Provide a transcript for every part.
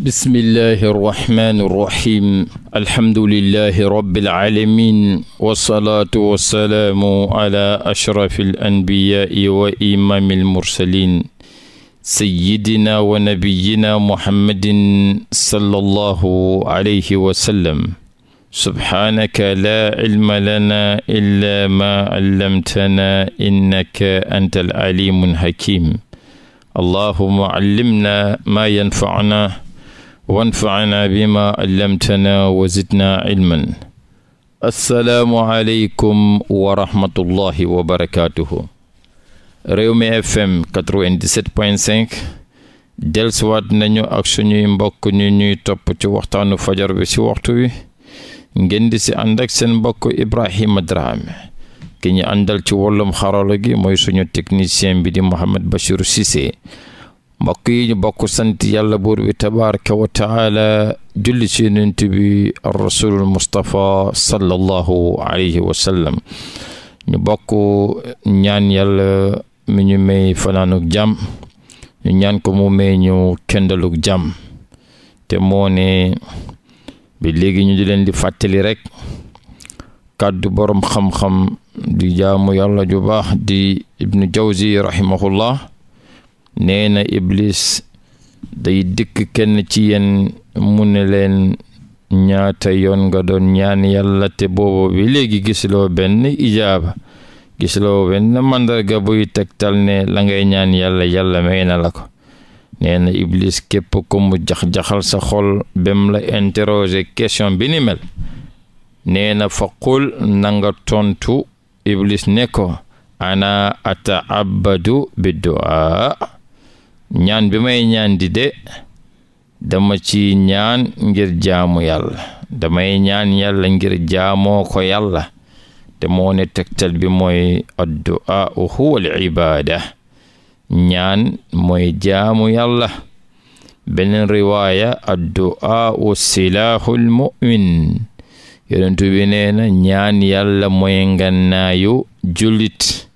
bismillahi arrahmani irrahim alhamdulilahi rabiilalamin walsalaatu wassalaamu ala ashrafi alanbiyaai wa imaami almursalin sayidina wa nabiyina muhammadin sallallahu alayhi wasallam subhaanaka laa cilma lana illa ma callamtana innaka anta alcalimu alxakim allahuma callimna ma yanfacna wanfacnaa bi ma wa zidnaa cilman assalaamu aleykum wa rahmatullahi wa barakaatuhu Rewmi FM 97.5 dellusiwaat nañu ak suñuy mbokk ñu ñuy topp ci waxtaanu fajar bi ci waxtu wi ngeen di ci ànd ak seen mbokk Ibrahima Dramé ki ñu àndal ci wàllum xarala gi mooy suñu technicien bi di Mohamed Bachir Cissé mbokk yi ñu bokk sant yàlla buur bi tabaraka wa julli ci yonent bi rasulul mustapha sallallahu alayhi wa ñu bokk ñaan yàlla mi ñu may fanaanuk jàmm ñu ñaan ko mu may ñu kendaluk jàmm te moone ne bi léegi ñu di leen di fàttali rekk kàddu boroom xam-xam di jaamu yàlla ju baax di ibnu jawzi rahimahullah nee na iblis day dikk kenn ci yéen mu ne leen ñaata yoon nga doon ñaan yàlla te boobu bi léegi gisuloo benn ijaaba gisloo benn màndarga buy tegtal ne la ngay ñaan yàlla yàlla may na la ko nee na iblis képp ko mu jax-jaxal sa xol bem la interroger question bi ni mel nee na fa qul na nga tontu iblis ne ko ana ata abadu bi duaa ñaan bi may ñaan di de dama ci ñaan ngir jaamu yàlla damay ñaan yàlla ngir jaamoo ko yàlla te moo ne bi mooy addu'a huwa ibaada ñaan moy jaamu yàlla beneen riwaaya addu'a silaahul mu'min yonentu bi ñaan yàlla moy ngannaayu julit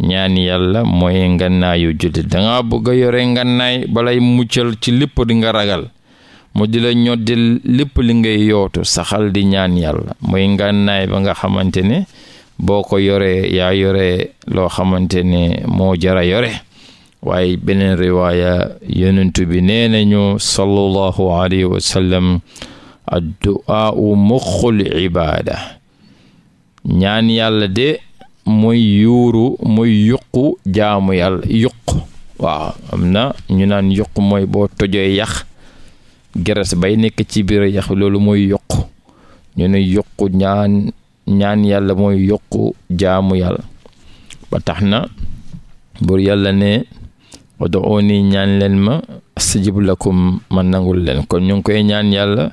ñaan yàlla mooy ngannaayu jullit danga bëgg a yore ngannaay balay muccal ci lépp di nga ragal mu di la ñoddi lépp li ngay yootu saxal di ñaan yàlla mooy ngannaay ba nga xamante ne boo ko yoree yaa yore loo xamante ne moo jara yore waaye beneen riwaaya yonentu bi nee nañu sallallahu alayhi wa sallam addu'aa muxul ibaada ñaan yàlla de mooy yuuru mooy yuqu jaamu yàlla yuq waaw am na ñu naan yuq mooy boo tojee yax geres bay nekk ci biir yax loolu mooy yuq ñu ne yuq ñaan ñaan yàlla mooy yuq jaamu yàlla ba tax na buur yàlla ne ud'uuni ñaan leen ma astajib ko ma nangul leen kon ñu ngi koy ñaan yàlla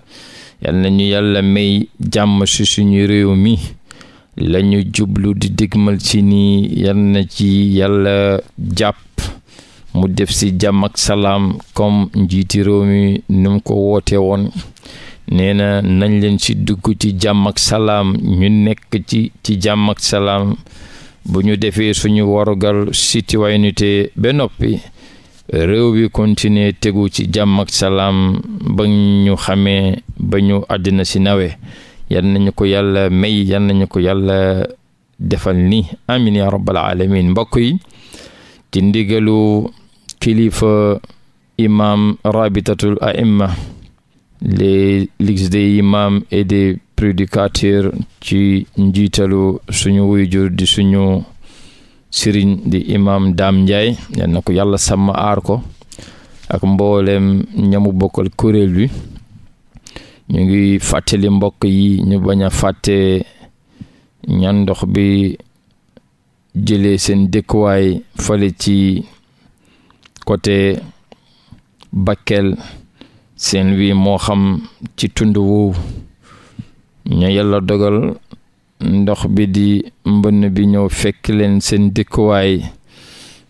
yàlla na ñu yàlla may jàmm si suñu réew mi lañu jublu di digmal ci nii yan na ci yàlla jàpp mu def si jàmm ak salaam comme njiiti réew mi ni ko woote woon neena nañ leen si dugg ci jàmm ak salaam ñu nekk ci ci jàmm ak salaam bu ñu defee suñu warugal citoyenneté ba noppi réew bi continuer tegu ci jàmm ak salaam ba ñu xamee ba ñu àddina si nawe yal nañu ko yàlla may yal nañu ko yàlla defal ni amin ya rabbal alamin mbokk yi ci ndigalu kilifa imam rabitatul aimma les ligues des imams et des prédicateurs ci njiitalu suñu wuyjur di suñu sëriñ di imam Dame Ndiaye yal na ko yàlla sàmm aar ko ak mboolem ñamu bokkal kuréel wi ñu ngi fàttali mbokk yi ñu bañ a fàtte ñan ndox bi jële seen dëkkuwaay fale ci côté Bakel seen wii moo xam ci tund woowu ña yàlla dogal ndox bi di mbënn bi ñëw fekk leen seen dëkkuwaay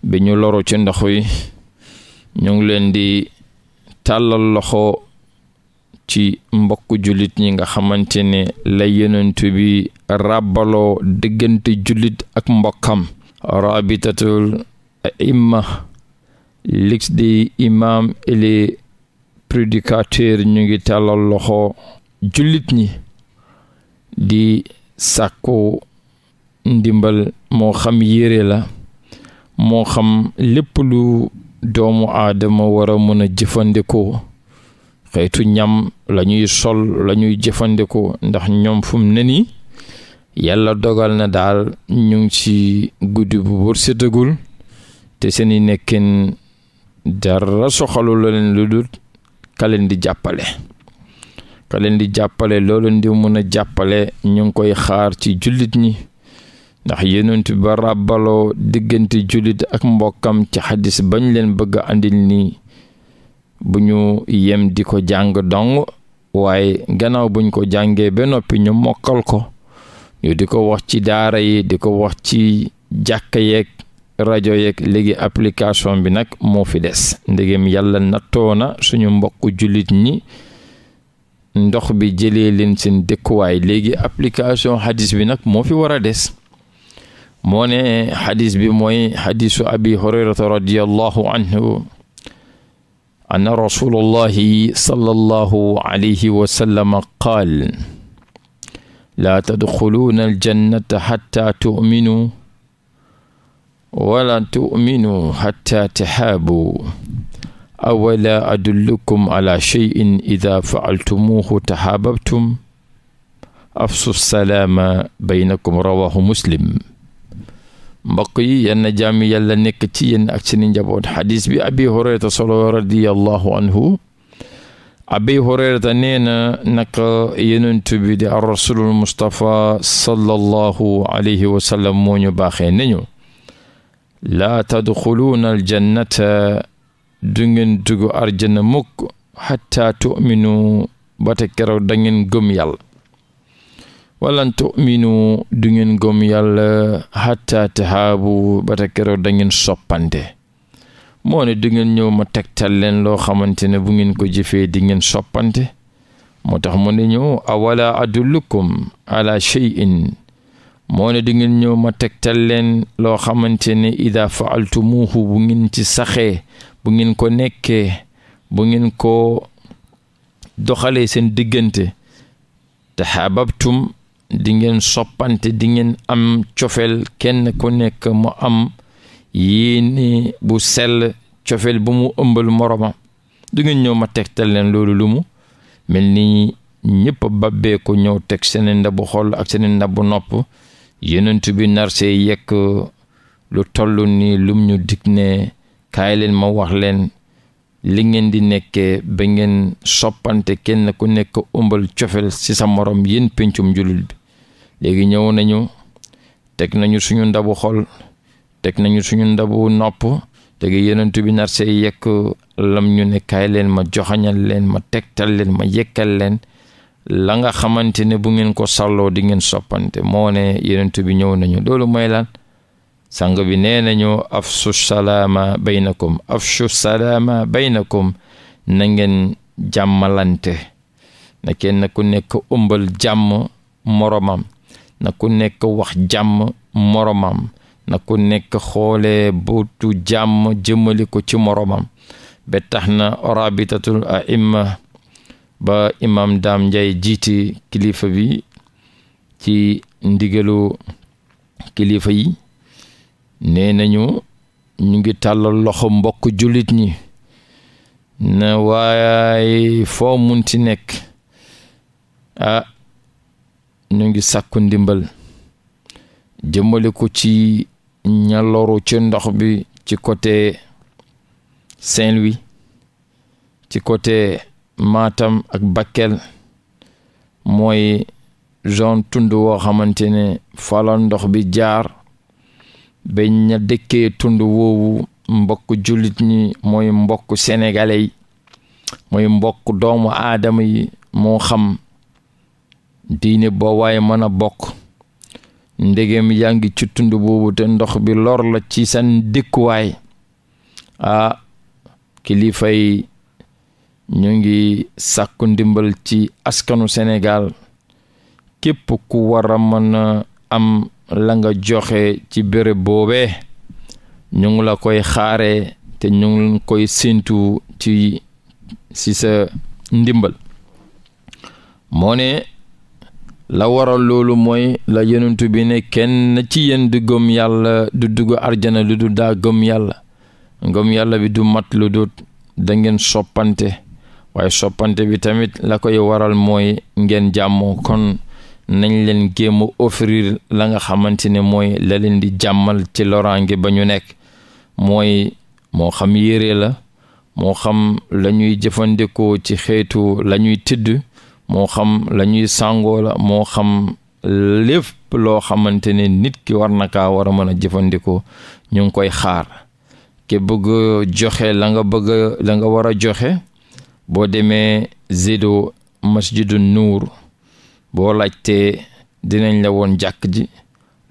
bi ñu loru ci ndox wi ñu ngi leen di tàllal loxo ci mbokk jullit ñi nga xamante ne la yenentu bi ràbbaloo diggante jullit ak mbokkam rabitatul aimma lix di imam ele prédicateur ñu ngi tàllal loxo jullit ñi di sàkku ndimbal moo xam yére la moo xam lépp lu doomu aadama war a mën a jëfandikoo xeetu ñam lañuy sol la ñuy jëfandikoo ndax ñoom fum ne nii yàlla dogal na daal ñu ci guddi bu wërsëtagul te seeni nekkin dara soxalu la lu dul ka di jàppale ka leen di jàppale loolu ndi mën a jàppale ñu ngi koy xaar ci jullit ñi ndax yonent ba ràbbaloo diggante jullit ak mbokkam ci xadis bañ leen bëgg a andil nii bu ñu yem di ko jàng dong waaye gannaaw buñ ko jàngee ba noppi ñu mokkal ko ñu di ko wax ci daara yi di ko wax ci jàkka yeeg rajo yeeg léegi application bi nag moo fi des ndegem yàlla nattoo na suñu mbokk jullit ñi ndox bi jëlee leen seen dëkkuwaay léegi application xadis bi nag moo fi war a des moo ne xadis bi mooy xadisu abi hurayrata radiallahu anhu anna rasulullahi sallallahu alayhi wa sallam qaal laa tadxuluuna aljannata xatta tu'minu wala tu'minu xatta taxaabu awala adullukum ala cheyin ida faaltumuuhu taxaababtum afsu salaama baynakum rawahu muslim mbokk yi na jàmm yàlla nekk ci yéen ak seeni njaboot xadis bi abi hurayrata solo radiallahu anhu abi hurayrata nee na naka yenentu bi di ar rasulul mustapha sallallahu alayhi wa moo ñu baaxee nañu laa tadxuluuna aljannata du ngeen dugg arjana mukk xataa tuminu ba te keroog da ngeen gëm yàlla walan tuminu du ngeen gom yàlla hatta tahaabu ba te keroog da ngeen soppante moo ne du ngeen ñëw ma tegtal leen loo xamante ne bu ngeen ko jëfee di ngeen soppante moo tax mu ne ñëw awala adullukum ala shay'in moo ne di ngeen ñëw ma tegtal leen loo xamante ne ida muuxu bu ngin ci saxee bu ngeen ko nekkee bu ngeen ko doxalee seen diggante taxaababtum dingeen soppante dingeen am cofeel kenn ku nekk mu am ni bu sell cofeel bu mu ëmbal moromam du ngeen ñëw ma teg tegtal leen loolu lu mu mel ni ñëpp babbee ko ñëw teg seen ndabu xol ak seen bu nopp yenent bi narse yekk lu tollu nii lum ñu dig ne kaay leen ma wax leen li ngeen di nekke ba ngeen soppante kenn ku nekk ëmbal cofeel ci sa morom yéen pencum julul bi léegi ñëw nañu teg nañu suñu ndabu xol teg nañu suñu ndabu nopp tegi yenentu bi nar see yekk lam ñu ne kaay leen ma joxañal leen ma tegtal leen ma yekkal leen la nga xamante ne bu ngeen ko salloo di ngeen soppante moo ne yenentu bi ñëw nañu loolu mooy lan sang bi nee nañu afshu salaama baynakum afshu salaama baynakum na ngeen jàmmalante na kenn ku nekk ëmbal jàmm moromam na ku nekk wax jàmm moromam na ku nekk xoolee buutu jàmm jëmali ko ci moroomam ba tax na rabitatul aima ba imam daam Ndiaye jiite kilifa bi ci ndigalu kilifa yi nee nañu ñu ngi tàllal loxo mbokk jullit ñi na waaye foo munti nekk ah ñu ngi sàkku ndimbal jëmale ko ci ñaloru ci ndox bi ci côté Saint-Louis ci côté maatam ak Bakel mooy zone tund woo xamante ne fala ndox bi jaar ba ña dëkkee tund woowu mbokk jullit ñi mooy mbokk sénégalais yi mooy mbokk doomu aadama yi moo xam diine boo waaye mën a bokk ndegem yaa ngi ci tund boobu te ndox bi lor la ci seen dëkkuwaay ah kilifa yi ñu ngi sàkk ndimbal ci askanu Sénégal képp ku wara mën a am la nga joxe ci béréb boobee ñu ngi la koy xaare te ñu ngi koy séentu ci ci sa ndimbal moo ne la waral loolu mooy la yonentu bi ne kenn ci yenn du gëm yàlla du dugg arjana lu dul daa gëm yàlla gëm yàlla bi du mat lu dul da ngeen soppante waaye soppante bi tamit la koy waral mooy ngeen jàmmoo kon nañ leen géem a la nga xamante ne mooy la leen di jàmmal ci loraange ba ñu nekk mooy moo xam yére la moo xam la ñuy jëfandikoo ci xeetu lañuy tëdd moo xam la ñuy sàngoo la moo xam lépp loo xamante ne nit ki war na kaa war a mën a jëfandikoo ñu ngi koy xaar ki bëgg joxe la nga bëgg la nga war a joxe boo demee Zido masjidu nuur boo laajtee dinañ la woon jàkk ji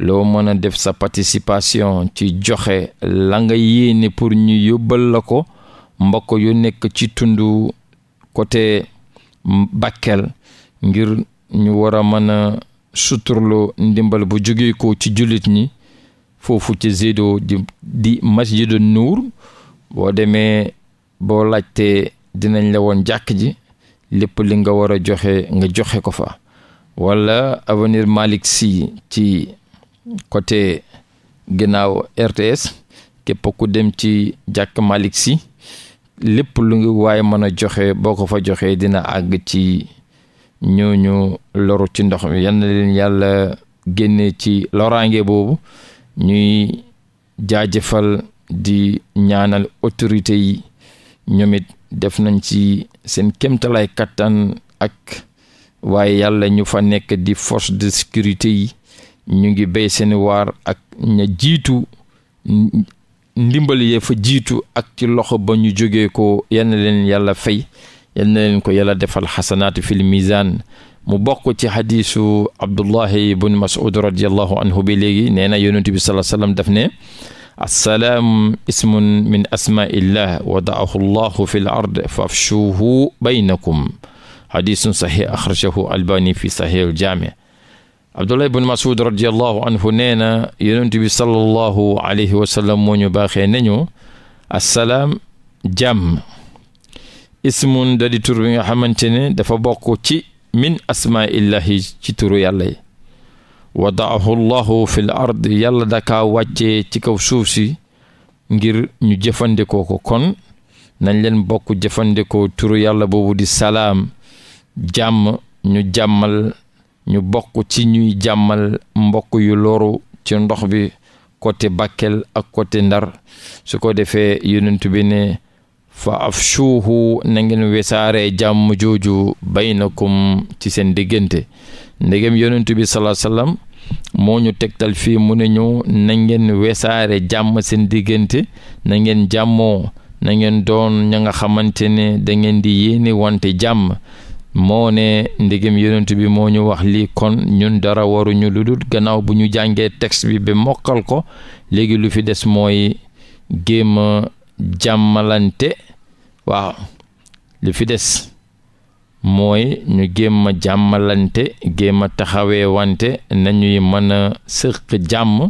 loo mën a def sa participation ci joxe la nga yéene pour ñu yóbbal la ko mbokk yu nekk ci tundu côté Bakel ngir ñu war a mën a suturloo ndimbal bu jógee ko ci jullit ñi foofu ci Zedo di di Nuur boo demee boo laajtee dinañ la woon jàkk ji lépp li nga war a joxe nga joxe ko fa wala avenir Malick si ci côté ginnaaw RTS képp ku dem ci jàkk Malick si lépp lu ngi waaye mën a joxe boo ko fa joxee dina àgg ci ñooñu loru ci ndox mi yal leen yàlla génne ci loraange boobu ñuy jaajëfal di ñaanal autorité yi ñoom it def nañ ci seen kéemtalaay kattan ak waaye yàlla ñu fa nekk di force de sécurité yi ñu ngi béy seen waar ak ña jiitu ndimbal yee fa jiitu ak ci loxo ba ñu jógee ko yal na leen yàlla fay yal na leen ko yàlla defal xasanaatu fil mizaan mu bokk ci xadiisu abdullahi bun mas'ud radiallahu anhu bi léegi nee na yonent bi salaa sallam daf ne assalaam ismun min asmaillah wadaahu llahu fi ard fafshuuhu baynakum xadiisun saxix axrajahu albani fi saxixul jaami abdullah ibn masud radiallahu anhu nee na yonent bi sallallahu alayhi wa sallam moo ñu baaxee nañu assalaam jàmm ismun da di bi nga xamante ne dafa bokk ci min asmaaillahi ci turu yàlla yi wadaahu llahu fi ard yàlla daka wàccee ci kaw suuf si ngir ñu jëfandikoo ko kon nañ leen bokk jëfandikoo turu yàlla boobu di salaam jàmm ñu jàmmal ñu bokk ci ñuy jàmmal mbokk yu loru ci ndox bi côté Bakel ak côté Ndar su ko defee yonent bi ne fa afshuuhu na ngeen wesaare jàmm jooju baynakum ci seen diggante ndegem yonent bi salaa sallam moo ñu tegtal fii mu ne ñu na ngeen wesaare jàmm seen diggante na ngeen jàmmoo na ngeen doon ña nga xamante ne da ngeen di yéene wante jàmm moo ne ndegem yonent bi moo ñu wax lii kon ñun dara waruñu lu dul gannaaw bu ñu jàngee tex bi ba mokkal ko léegi lu fi des mooy géem jàmmalante waaw lu fi des mooy ñu géem a jàmmalante géem a taxawee wante nañuy mën a sëq jàmm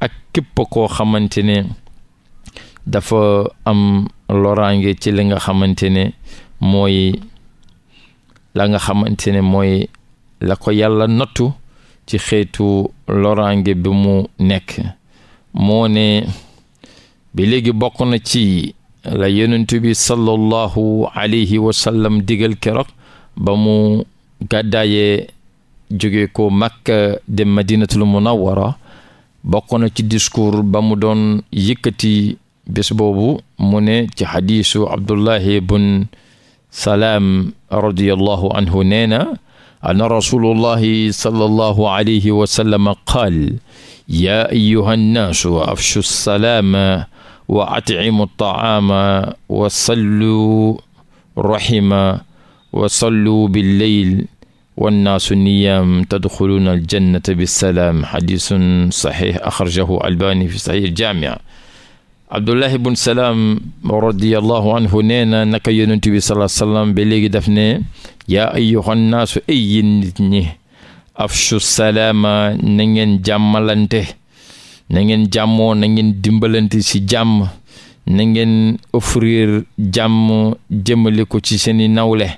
ak képp koo xamante ne dafa am loraange ci li nga xamante ne mooy la nga xamante ne mooy la ko yàlla nottu ci xeetu loraange bi mu nekk moo ne bi léegi bokk na ci la yonent bi sallallahu alayhi wa sallam digal keroog ba mu gàddaayee jóge ko Makka dem Madinatul Munawwara bokk na ci discours ba mu doon yëkkati bés boobu mu ne ci xadiisu Abdullahi bun salaam radiyallahu anhu nee na ana rasulullahi sallallahu alayhi wa sallam qaal yaa ayyuha nnaasu afshu salaama wa atcimu ttaama wa sallu rahima wa sallu billeyl wannaasu niyaam tadxuluuna aljannata bisalaam xadiisun saxiix axrajahu albaani fi saxiix aljaamic abdullahi bun salaam radiallahu anhu nee na naka yonent bi salaa léegi daf ne yaa ayyuhan naasu ay yéen nit ñi af salaama na ngeen jàmmalante na ngeen jàmmoo nangeen dimbalante ci jàmm na ngeen offrir jàmm jëmale ko ci seeni nawle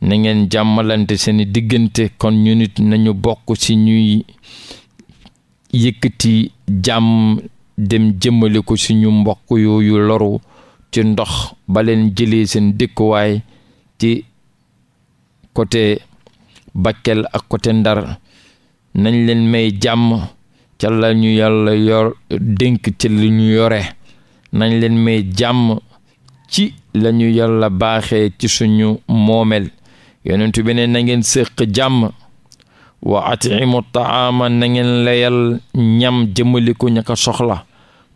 na ngeen jàmmalante seeni diggante kon ñu nit nañu bokk ci ñuy yëkkati jàmm dem jëmmale ko suñu mbokk yooyu loru ci ndox ba leen jëlee seen dëkkuwaay ci côté Bakel ak côté Ndar nañ leen may jàmm ca lañu ñu yàlla yor dénk ci li ñu yore nañ leen may jàmm ci la ñu yàlla baaxee ci suñu moomeel yonentu beneen na ngeen jàmm wa atimu taama na ngeen ñam jëmale ko soxla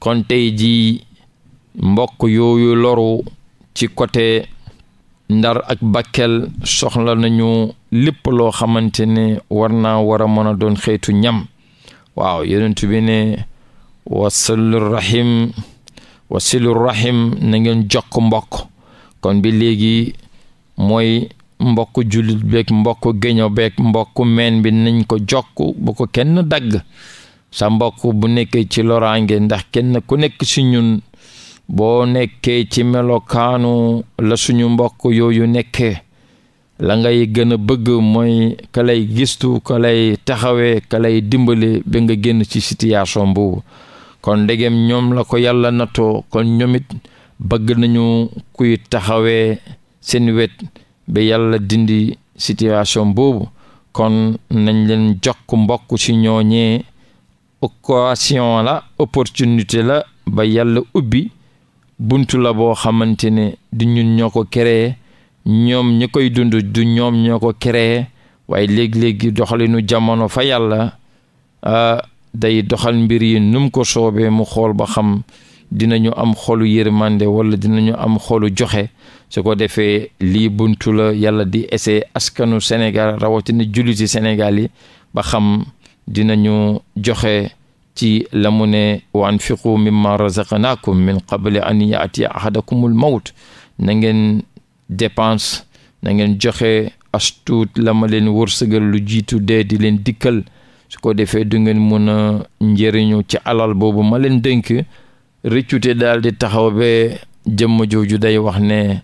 kon tey jii mbokk yooyu loru ci côté ndar ak Bakel soxla nañu lépp loo xamante ne war naa war a mën a doon xeetu ñam waaw yonent bi ne wasilu rahim wasilu rahim jokk mbokk kon bi léegi mooy mbokk jullit beeg mbokk géño beeg mbokk meen bi nañ ko jokk bu ko kenn dagg sa mbokk bu nekkee ci loraange ndax kenn ku nekk si ñun boo nekkee ci melokaanu la suñu mbokk yooyu nekkee la ngay gën a bëgg mooy kalay lay gistu ka taxawee ka lay dimbale ba nga génn ci situation boobu kon ndegem ñoom la ko yàlla nattoo kon ñoomit bëgg nañu kuy taxawee seen wet ba yàlla dindi situation boobu kon nañ leen jokk mbokk ci ñooñee occasion la opportunité la ba yàlla ubbi buntu la boo xamante ne du ñun ñoo ko créé ñoom ñi koy dund du ñoom ñoo ko créé waaye léegi-léegi doxalinu jamono fa yàlla day doxal mbir yi num ko soobee mu xool ba xam dinañu am xolu yërmande wala dinañu am xolu joxe su ko defee lii buntu la yàlla di ese askanu Sénégal rawatina jullit yi Sénégal yi ba xam dinañu joxe ci la mu ne wa anfiqu mimma razaqnaakum min qabli an yaatiya ahadakumul mawt na ngeen dépense na ngeen joxe astuut la ma leen wërsëgal lu jiitu dee di leen dikkal su ko defee du ngeen mun a njëriñu ci alal boobu ma leen dënk rëccute daal di taxaw ba jëmm jooju day wax ne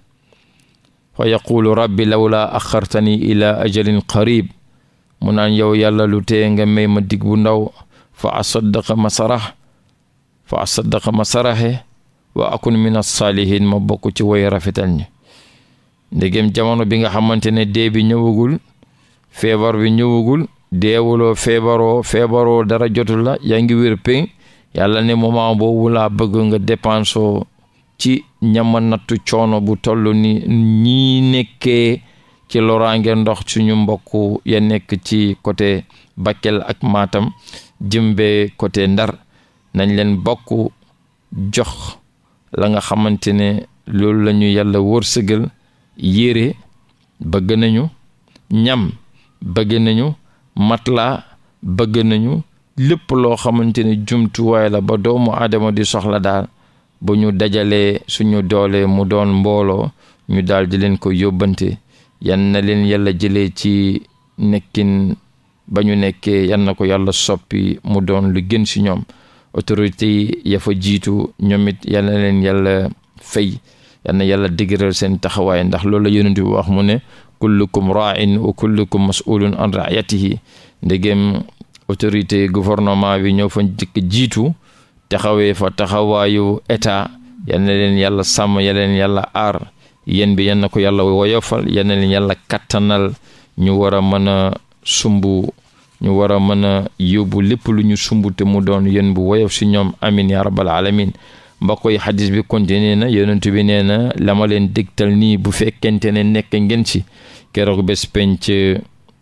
fa yaquulu rabbi lawla axartani ila ajalin qarib mu naan yow yàlla lu tee nga may ma digg bu ndaw fa asaddaqa ma sarax fa asaddaqa ma saraxe wa akun min assaalihin ma bokk ci woy rafetal ñi ndegem jamono bi nga xamante ne dee bi ñëwagul feebar bi ñëwagul deewuloo feebaroo feebaroo dara jotul la yaa ngi wér péŋ yàlla ne moment boobu laa bëgg nga dépensoo ci ñama nattu coono bu toll ni ñii nekkee ci loraange ndox suñu mbokk ya nekk ci côté Bakel ak Matam jëmbe côté Ndar nañ leen bokk jox la nga xamante ne loolu lañu yàlla yàlla wërsëgal yére bëgg nañu ñam bëgg nañu matla bëgg nañu lépp loo xamante ne jumtuwaay la ba doomu aadama di soxla daal bu ñu dajalee suñu doolee mu doon mbooloo ñu daal di leen ko yóbbante yan na leen yàlla jëlee ci nekkin ba ñu nekkee yan na ko yàlla soppi mu doon lu gën si ñoom autorité yi ya fa jiitu ñoom it yal leen yalla fay yal na yàlla dëgëral seen taxawaay ndax loolu la yonent wax mu ne kullukum ra'in wa kullukum mas'ulun an ra'yatihi ndegem autorité gouvernement bi ñoo fa jëkk jiitu taxawee fa taxawaayu état yal leen yàlla sàmm yal leen yàlla aar yéen bi yal na ko yàlla woyofal yal na leen yàlla kàttanal ñu war a mën a sumb ñu war a mën a yóbbu lépp lu ñu sumb mu doon yéen bu woyof si ñoom amin ya rabbal alamin mbokk yi xadis bi continué na yonent bi nee na la leen dégtal nii bu fekkente ne nekk ngeen ci keroog bes penc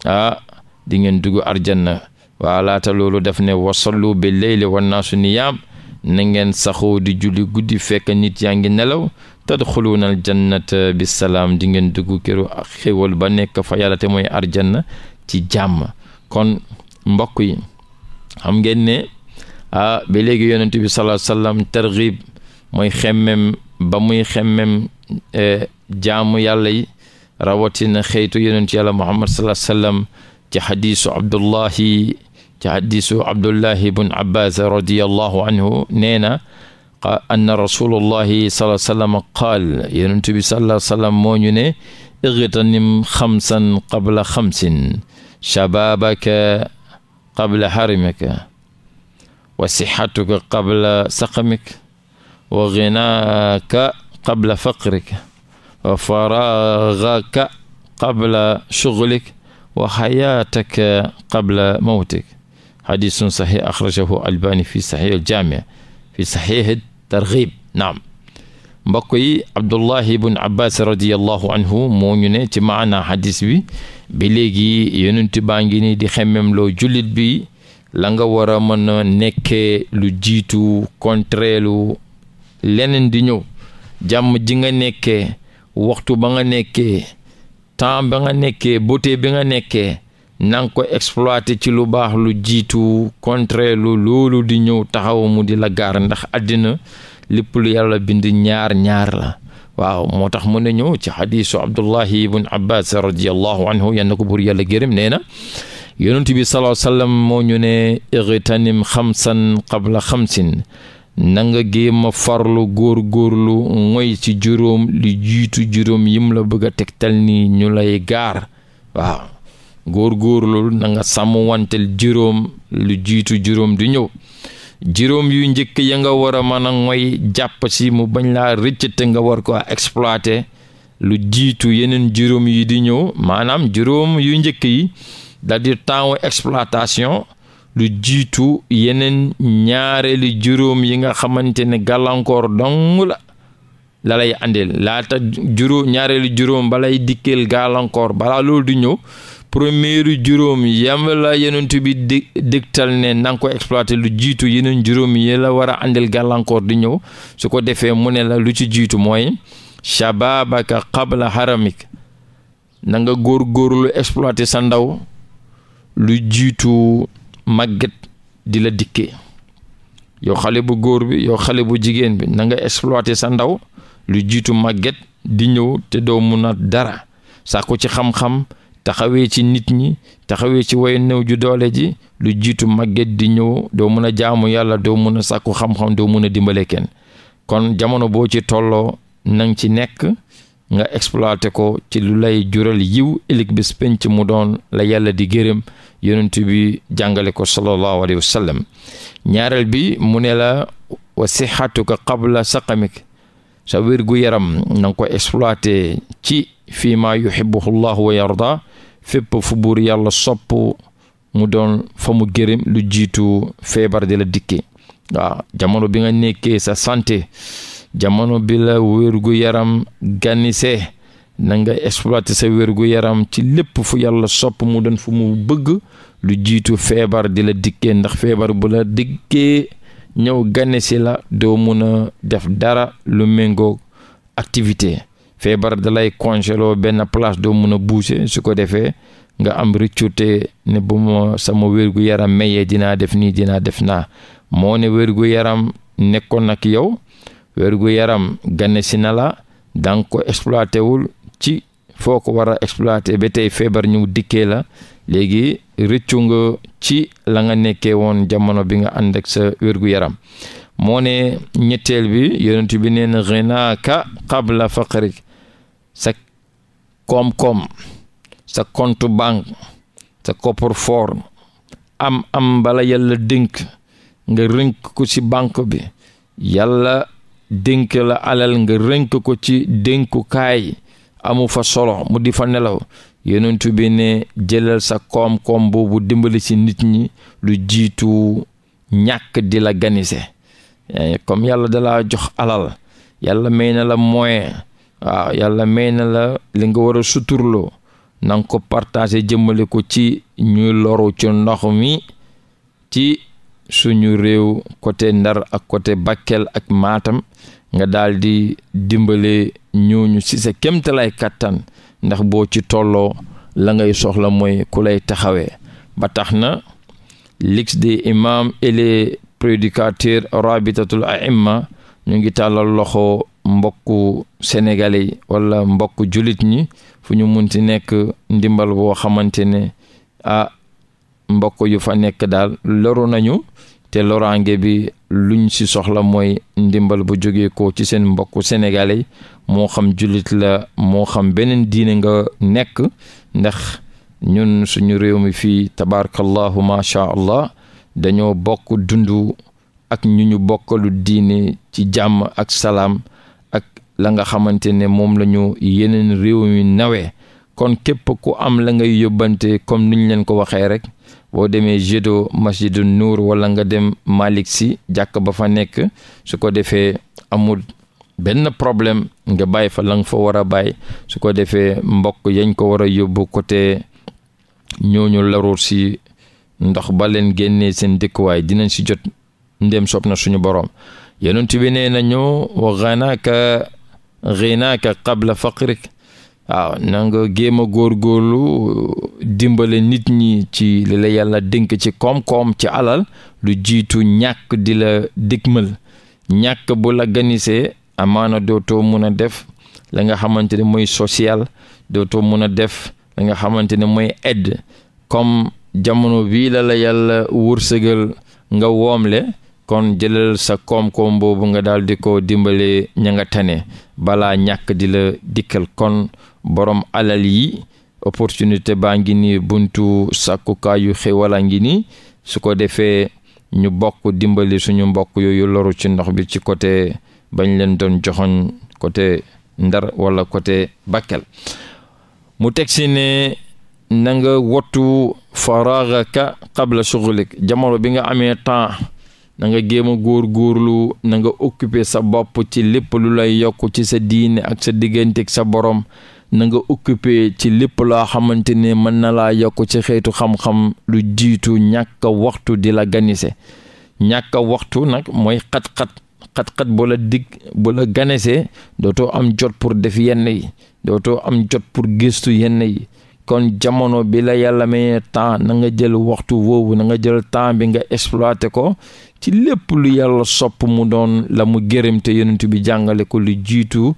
ah di dugg arjanna waalaata loolu daf ne wasallu bi leyli wannaasu niyaam na ngeen saxoo di julli guddi fekk nit yaa ngi nelaw tadxuluuna al jannata bi salaam di ngeen dugg këru xéwal ba nekk fa yàlla te mooy arjanna ci jàmm kon mbokk yi xam ngeen ne ah ba léegi yonent bi salaa sallam targhib mooy xemmem ba muy xemmem e, jaamu yàlla yi rawatina xëytu yonent yàlla muhammad salaa sallam ci xadiisu abdullahi ci hadisu abdullahi bun abbas radiallahu anhu nee na anna rasulullahi salaa sallam qaal yonent bi salaa sallam moo ñu ne igtanim xamsan qabla xamsin shabaabaka qabla harimika wa sixatuka qabla saqamika wa ginaaka qabla faqrika wa faraagaka qabla shuglika wa xayaataka qabla mawtika xadisun saxix axrajahu albani fi saxix aljaamia fi saxix targhib naam mbokk yi abdullahi ibn abbas radiallahu anhu moo ñu ne ci maanaa xadis bi ba léegi yonent baa ngi ni di xemmem loo jullit bi la nga war a mën a nekkee lu jiitu kontreelu leneen di ñëw jàmm ji nga nekke waxtu ba nga nekkee temps ba nga nekke beauté bi nga nekkee na ko exploité ci lu baax lu jiitu contre lu loolu di ñëw taxaw mu di la gaar ndax àddina lépp lu yàlla bind ñaar ñaar la waaw moo tax mën na ñëw ci xadiisu abdullahi ibn abbas radiallahu anhu yanna ko buur yàlla gërëm nee na yonent bi salaa sallam moo ñu ne igtanim xamsan qabla xamsin na nga géem a farlu góor-góorlu mooy ci juróom li jiitu juróom yim la bëgg a tegtal ni ñu lay gaar waaw góor-góorlul na nga sàmm wantel juróom lu jiitu juróom du ñëw juróom yu njëkk ya nga war a mën a mooy jàpp si mu bañ laa rëcc nga war ko exploiter lu jiitu yeneen juróom yi di ñëw maanaam juróom yu njëkk yi daldi temps exploitation lu jiitu yeneen ñaareelu juróom yi nga xamante ne gàllankoor dong la la lay àndeel laata juróom ñaareelu juróom balay dikkeel gàllankoor balaa loolu du ñëw première juróom yam la yenentu bi di dégtal ne na ko exploité lu jiitu yeneen juróom yi la war a àndil gàllankoor di ñëw su ko defee mu ne la lu ci jiitu mooy shababaka xabla haramik na nga góor-góorlu exploité sa ndaw lu jiitu màgget di la dikkee yow bu jigéen bi na exploité sa ndaw lu jiitu màgget di ñëw te doo mun a dara sàkku ci xam-xam taxawee ci nit ñi taxawee ci way néew ju doole ji lu jiitu màgget di ñëw doo mun a jaamu yàlla doo mun a sàkku xam-xam doo mun a dimbale kenn kon jamono boo ci tolloo nang ci nekk nga exploité ko ci lu lay jural yiw ëllëg bis penc mu doon la yàlla di gërëm yenoon ti bi jàngale ko sallallahu alayhi wa sallam ñaareel bi mu ne la wa sixatuka qabla saqamik sa wirgu yaram na nga ko exploité ci fii ma yuhibbuhu llahu wa yarda fépp fu buur yàlla sopp mu doon fa mu gërëm lu jiitu feebar di la dikkee waaw jamono bi nga nekkee sa santé jamono bi la wérgu yaram ganisee na nga exploiter sa wérgu yaram ci lépp fu yàlla sopp mu doon fu mu bëgg lu jiitu feebar di la dikkee ndax feebar bu la dikkee ñëw ganesi la doo mun a def dara lu méngoo activité feebar da lay congelé benn place doo mun a bouger su ko defee nga am rëccute ne bu ma sama wérgu yaram mayee dinaa def nii dinaa def naa moo ne wérgu yaram nekkoon nag yow wérgu yaram gane si na la danga ko exploité wul ci foo ko war a exploité ba tey feebar ñu dikkee la léegi rëccu nga ci la nga nekkee woon jamono bi nga ànd ak sa wérgu yaram moo ne ñetteel bi yonent bi nee na xinaaka qabla faqrik sa koom-koom sa compte banque sa coffre-fort am am bala yàlla dénk nga rënk ko ci banque bi yàlla dénk la alal nga rënk ko ci dénkukaay amu fa solo mu di fa nelaw yonent bi ne jëlal sa koom-koom boobu dimbali ci nit ñi lu jiitu ñàkk di la ganise eh, comme yàlla dalaa jox alal yàlla may na la moyen waaw yàlla may na la li nga war a suturloo na ko partagé jëmmale ko ci ñu loru ci ndox mi ci suñu réew côté Ndar ak côté Bakel ak maatam nga daal di dimbale ñooñu ci sa kémtalay kàttan ndax boo ci tolloo la ngay soxla mooy ku lay taxawee ba tax na l'ix des imams et les prédicateurs rabitatul aimma ñu ngi tàllal loxo mbokk sénégalais walla mbokk mbokku jullit ñi fu ñu mun munti nekk ndimbal boo xamante ne ah mbokk yu fa nekk daal loru nañu te loraange bi luñ si soxla mooy ndimbal bu jógee ko ci seen mbokku sénégalais moo xam jullit la moo xam beneen diine nga nekk ndax ñun suñu réew mi fii tabaarakallahu ma sha allah dañoo bokk dundu ak ñu ñu bokkalu diine ci jàmm ak salaam ak la nga xamante ne moom la ñu yeneen réew mi nawee kon képp ku am la ngay yóbbante comme niñ leen ko waxee rek boo demee Gédo Masjidu Nuur wala nga dem Malick si jàkk ba fa nekk su ko defee amul benn problème nga bàyyi fa la nga fa war a bàyyi su ko defee mbokk yañ ko war a yóbbu côté ñooñu laruur si ndox ba leen génnee seen dëkkuwaay dinañ si jot ndéem sopp na suñu borom yonent bi nee nañu wa xanaaka xinaaka qabla faqrik waaw na nga géem a góorlu dimbale nit ñi ci la yàlla dink ci koom-koom ci alal du jiitu ñàkk di la dégmal ñàkk bu la ganisee amaana dootoo mun a def la nga xamante ne mooy social dootu mun a def la nga xamante ne moy aide comme jamono bii la la yàlla wërsëgal nga woomle kon jëlal sa koom-koom boobu nga daal di ko dimbale ña nga balaa ñàkk di la dikkal kon borom alal yi opportunité baa ngi ni buntu sàkkukaayu xewal a ngi nii su ko defee ñu bokk dimbali suñu mbokk yooyu loru ci ndox bi ci côté bañ leen doon joxoñ côté ndar wala côté Bakel mu teg si ne na nga wottu faraagaka qabla shughlik jamono bi nga amee temps na nga géem a góor-góorlu na nga occuper sa bopp ci lépp lu lay yokk ci sa diine ak sa diggante digganteeg sa borom na nga occuper ci lépp loo xamante ne mën na laa yokk ci xeetu xam-xam lu jiitu ñàkk waxtu di la ganise ñàkk waxtu nag mooy xat-xat xat-xat bu la dig bu la ganese dootoo am jot pour def yenn yi dootoo am jot pour gëstu yenn yi kon jamono bi la yàlla mayee temps na nga jël waxtu woowu na nga jël temps bi nga exploité ko ci lépp lu yàlla sopp mu doon la mu gërëm te yonent bi jàngale ko lu jiitu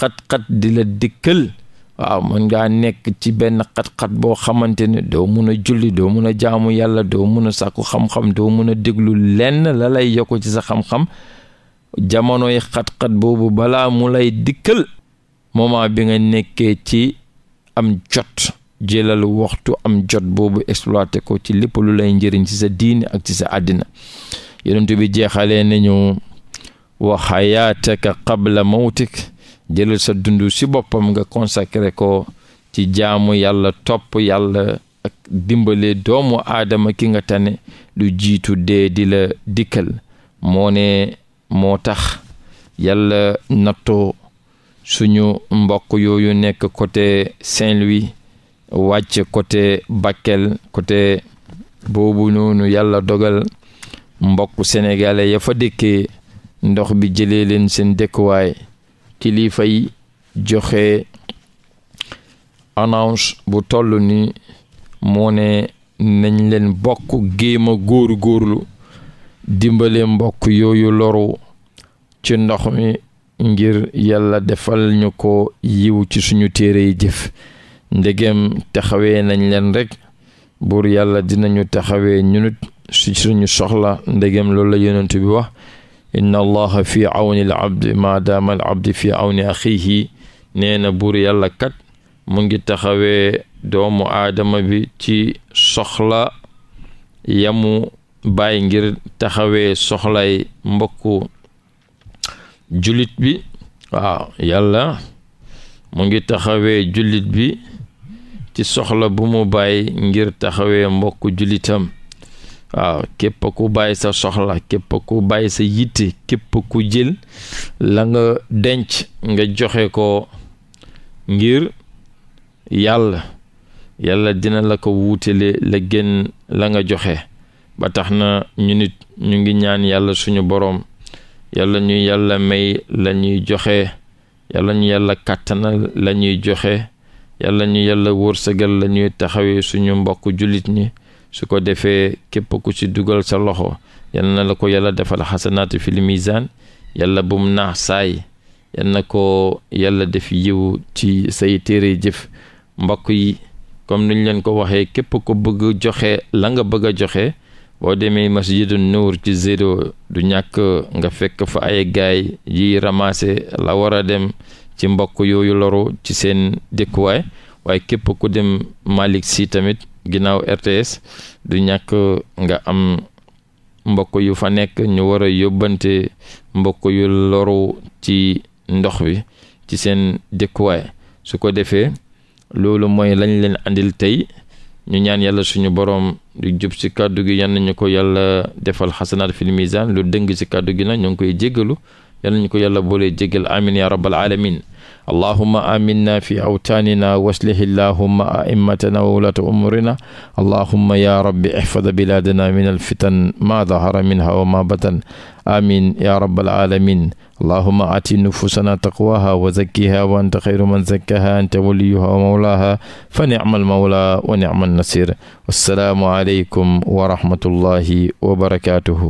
xat-xat di la dikkal waaw mën ngaa nekk ci benn xat-xat boo xamante ne doo mun a julli doo mun a jaamu yàlla doo mun a sàkku xam-xam doo mun a déglu lenn la lay yokk ci sa xam-xam jamonoy xat-xat boobu balaa mu lay dikkal moment bi nga nekkee ci am jot jëlal waxtu am jot boobu exploité ko ci lépp lu lay njëriñ ci sa diine ak ci sa àddina yonent bi jeexalee nañu wa xayaataka qabla mawtik jëlal sa dund si boppam nga consacré ko ci jaamu yàlla topp yàlla ak dimbale doomu aadama ki nga tane du jiitu dee di la dikkal moo moo tax yàlla nattoo suñu mbokk yooyu nekk côté Saint-Louis wàcc côté Bakel côté boobu noonu yàlla dogal mbokk sénégalais ya fa dëkkee ndox bi jëlee leen seen dëkkuwaay kilifa yi joxe annonce bu toll ni moo ne nañ leen bokk géem a góor góorlu dimbale mbokk yooyu loru ci ndox mi ngir yàlla defal ñu ko yiw ci suñu téere yi jëf ndegem taxawee nañ leen rekk buur yàlla dinañu taxawee ñunut su suñu soxla ndegem loolu la yonent bi wax inna allaha fi awni al abdi maadaama al abdi fi awni axiihi nee na buur yàlla kat mu ngi taxawee doomu aadama bi ci soxla yamu bàyyi ngir taxawee soxlay mbokku jullit bi waaw yàlla mu ngi taxawee jullit bi ci soxla bu mu bàyyi ngir taxawee mbokk jullitam waaw képp ku bàyyi sa soxla képp ku bàyyi sa yitte képp ku jël la nga denc nga joxe ko ngir yàlla yàlla dina la ko wuutele la gën la nga joxe ba tax na ñu nit ñu ngi ñaan yàlla suñu boroom yàlla ñu yàlla may la ñuy joxe yàlla ñu yàlla kàttanal lañuy joxe yàlla ñu yàlla wërsëgal la ñuy taxawee suñu mbokk jullit ñi su ko defee képp ku ci dugal sa loxo yal na la ko yàlla defal xasanaatu fil misaan yàlla bum naax saay yal na ko yàlla def yiw ci say téere jëf mbokk yi comme niñ leen ko waxee képp ko bëgg joxe la nga bëgg a joxe boo demee masjidu nuur ci zéro du ñàkk nga fekk fa ay gaay yi ramassé la war a dem ci mbokk yooyu loru ci seen dëkkuwaay waaye képp ku dem Malick si tamit ginnaaw RTS du ñàkk nga am mbokk yu fa nekk ñu war a yóbbante mbokk yu loru ci ndox bi ci seen dëkkuwaay su ko defee loolu mooy lañ leen andil tey ñu ñaan yàlla suñu boroom lu jub ci kàddu gi yal ñu ko yàlla defal xasanaat fil lu dëng ci kàddu gi nag ñu ngi koy jéggalu yal nañu ko yàlla boole jégal amin ya rabbal alamin allahuma aminna fi awtaanina waslih illahuma aimmatana wa wulata umurina allahuma ya rabbi ihfad biladana min alfitan ma dahara minha wa ma batan amin ya rabbal alamin allahuma ati nufusana taqwaha wa zakkiha wa anta xayru man zakkaha anta waliyuha wa mawlaha fa nicma almawla wa nicma alnasir wassalaamu aleykum wa rahmatullahi wa barakatuhu